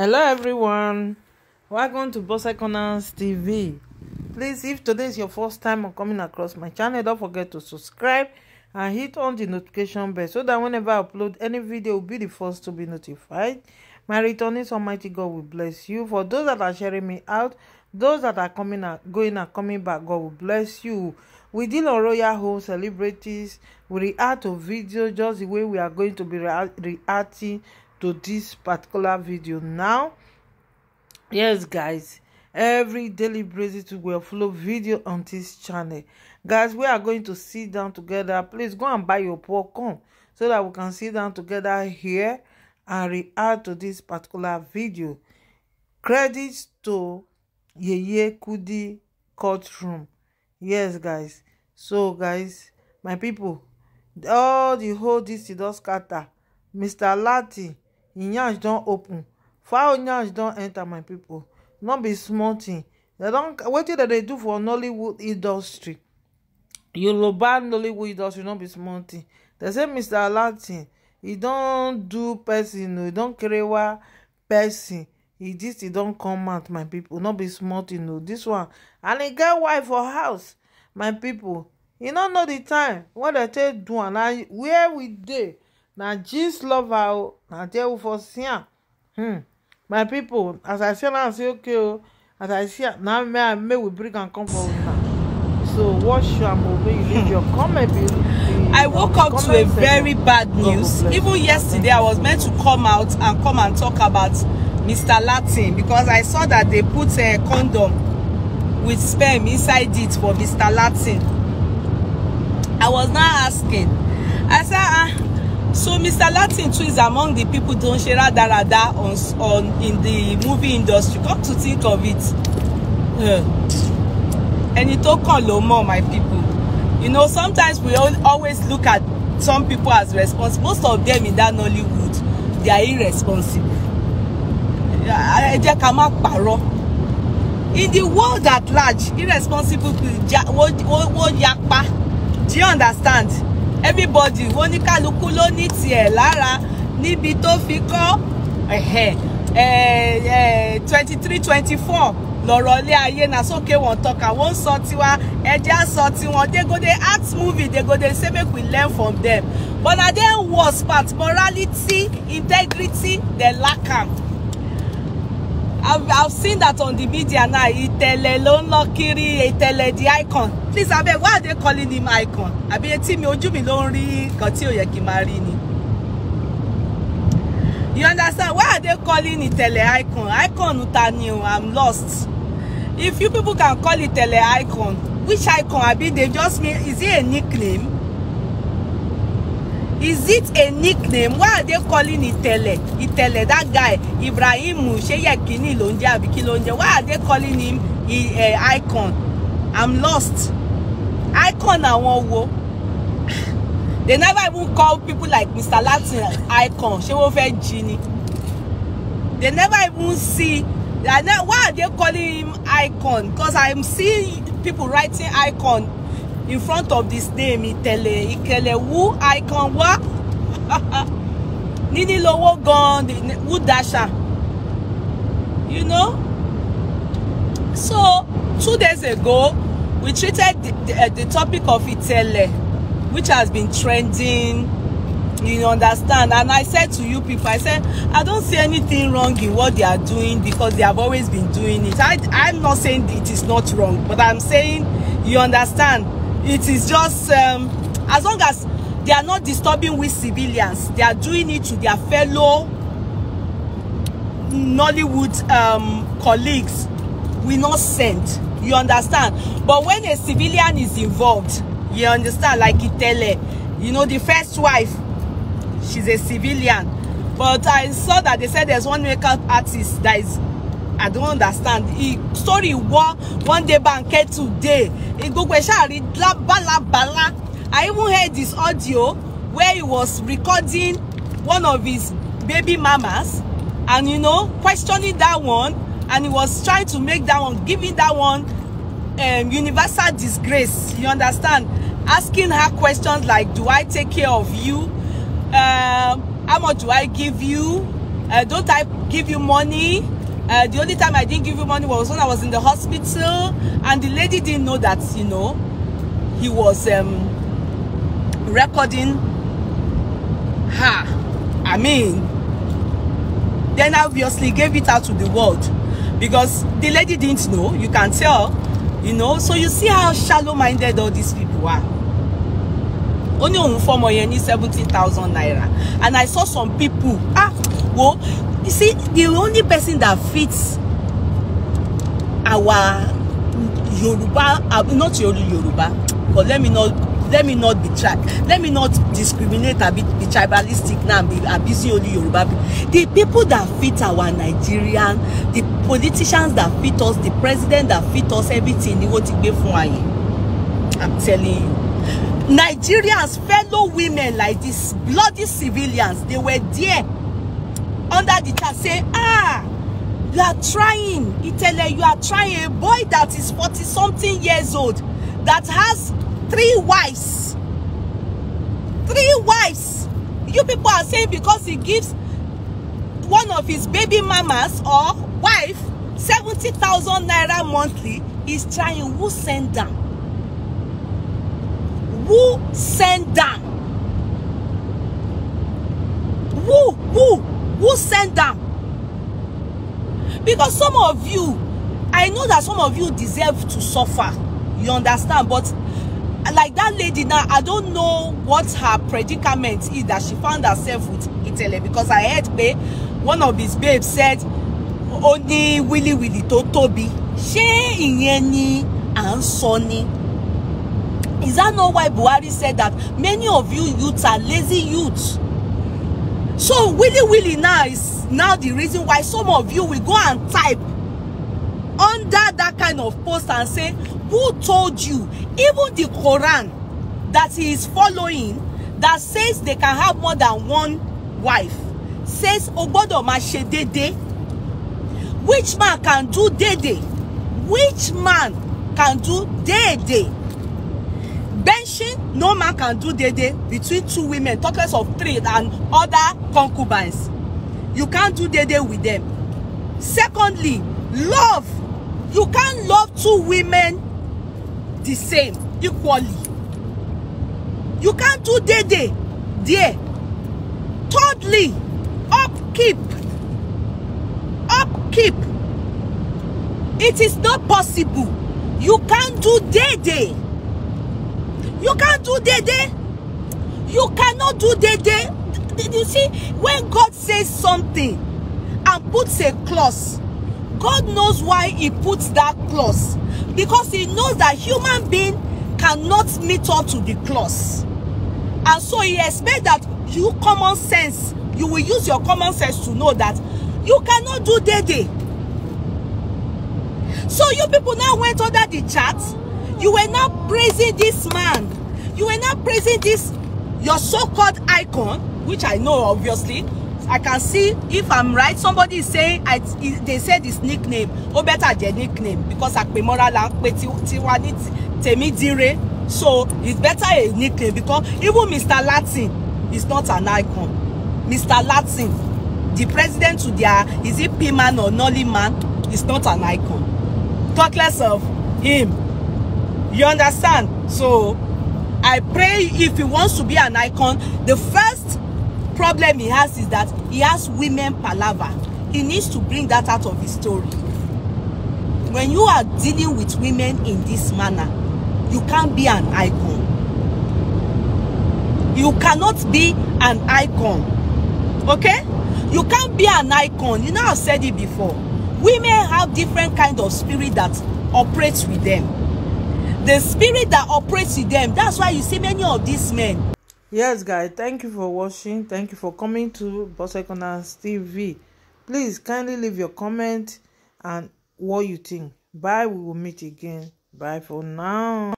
hello everyone welcome to Boss Economics tv please if today is your first time on coming across my channel don't forget to subscribe and hit on the notification bell so that whenever i upload any video will be the first to be notified my returning, almighty god will bless you for those that are sharing me out those that are coming and going and coming back god will bless you we deal on royal home celebrities we react to video just the way we are going to be re reacting to this particular video now yes guys every daily braces will follow video on this channel guys we are going to sit down together please go and buy your popcorn so that we can sit down together here and react to this particular video credits to yeye kudi courtroom yes guys so guys my people all the whole this don scatter mr lati im yansh don open fowl yansh don enter my people? no be small tin wetin dem dey do for nollywood industry yoruba nollywood industry no be small tin dem say mr alatin he don do person o e don kerewa person He just he don come out my people. no be small tin o dis one and e get wife for house my people. e no know the time wey dem take do and where we dey na gist lover o na there we for see am hmm. my people, as i see am say okay o as i see am na may i may we bring am come for una so watch your o make you leave your comment below. I woke up to a very bad news. Even yesterday, I was meant to come out and come and talk about Mr. Latin because I saw that they put a condom with sperm inside it for Mr. Latin. I was not asking. I said, ah, So Mr. Latin too is among the people don't share radarada on, on in the movie industry. Come to think of it. Eh, ẹni tó kàn low more, my people. You know, sometimes we always look at some people as responsible. Most of them in that Nollywood, they are irresponsible. They come up má In the world at large, irresponsible people, What what what? yapa. Do you understand? everybody wọ́n ní kálukú ló ní tiẹ̀ lára níbi tó fi kọ́ twenty three twenty four lọ̀rọ̀ ilé ayé na sókè wọn tọ́ka wọ́n sọ tiwa ẹjẹ́ sọ tiwọn they go dey act movie they go dey say make we learn from them but na dem worst part morality integrity dem lack am. I've, I've seen that on the media now. Itele Lonlokiri, Itele the icon. Please, abeg, why are they calling him icon? Àbí etí mi, ojú mi lonri kati rí nǹkan tí ni. You understand? Why are they calling Itele icon? Icon ta I'm lost. If you people can call Itele icon, which icon? Àbí they just mean, is it a nickname? is it a nickname why are they calling Itele Itele that guy Ibrahim Sheyekini ló ń jẹ́ why are they calling him he, uh, icon I'm lost icon àwọn wo they never even call people like Mr. Latin icon ṣé wọ́n fẹ́ they never even see why are they calling him icon because I'm seeing people writing icon in front of this name itele, Ìtẹ̀lẹ̀ Ìkẹlẹ̀wú Nini nínílówó gan wú dasha you know so two days ago we treated the, the, eh, the topic of itele, which has been trending you understand and i said to you people i said i don't see anything wrong in what they are doing because they have always been doing it i i'm not saying it is not wrong but i'm saying you understand it is just um, as long as they are not disturbing with civilians they are doing it to their fellow Nollywood um, colleagues we not sent, you understand but when a civilian is involved you understand like Itele you know the first wife she's a civilian but I saw that they said there's one makeup artist that is i don't understand story wọ one day banquet today gbogbo ẹ la rí lábàlábàlá i even heard this audio where he was recording one of his baby mamas and you know questioning that one and he was trying to make that one giving that one um, universal disgrace you understand asking her questions like do i take care of you um, how much do i give you uh, don't i give you money Uh, the only time I didn't give him money was when I was in the hospital, and the lady didn't know that, you know, he was um, recording her. I mean, then obviously gave it out to the world because the lady didn't know. You can tell, you know. So you see how shallow-minded all these people are. Only on for money, seventeen thousand naira, and I saw some people. Ah, wo you see the only person that fits our Yoruba uh, not only Yoruba but let me not let me not be tri let me not discriminate abi be tribalistic now be abusing only Yoruba people the people that fit our Nigerian the politicians that fit us the president that fit us everything ni wọ́n ti gbé fún wa I'm telling you Nigerians fellow women like these bloody civilians they were there under the chart say ah you are trying He Itele you are trying a boy that is 40 something years old that has three wives three wives you people are saying because he gives one of his baby mamas or wife 70,000 naira monthly is trying who send them who send them who who Who sent them? Because some of you, I know that some of you deserve to suffer. You understand? But like that lady now, I don't know what her predicament is that she found herself with Itele because I heard pé one of his babes said, "Only ní wíliwìlì to Toby, she inyeni and à Is that not why Buhari said that many of you youths are lazy youths? So willy-willy now is now the reason why some of you will go and type under that kind of post and say, who told you? Even the Quran that he is following that says they can have more than one wife says Obodo, gbọ́dọ̀ máa which man can do dede? which man can do dede?" benching no man can do dede between two women talk less of three and other concubines you can't do dede with them secondly love you can't love two women the same equally you can't do dede there thirdly upkeep upkeep it is not possible you can't do dede you can't do day day. you cannot do day day. Did you see when God says something and puts a clause God knows why he puts that clause because he knows that human being cannot meet up to the clause and so he expects that you common sense you will use your common sense to know that you cannot do day day. so you people now went under the chart You were not praising this man. You were not praising this, your so-called icon, which I know obviously. I can see if I'm right. Somebody is saying I, they said his nickname. Ó better their nickname because àpèmọ́ra là ń pe tiwa ní tèmídìrẹ́. So it's better a nickname because even Mr. Latin is not an icon. Mr. Latin, the president to their, is it P-man or Nolly man? is not an icon. Talk less of him. You understand? So I pray if he wants to be an icon, the first problem he has is that he has women palaver. He needs to bring that out of his story. When you are dealing with women in this manner, you can't be an icon. You cannot be an icon. Okay? You can't be an icon. You know, I've said it before. Women have different kind of spirit that operates with them the spirit that operates in them that's why you see many of these men. yes guys thank you for watching thank you for coming to Bose TV please kindly leave your comment and what you think bye we will meet again bye for now.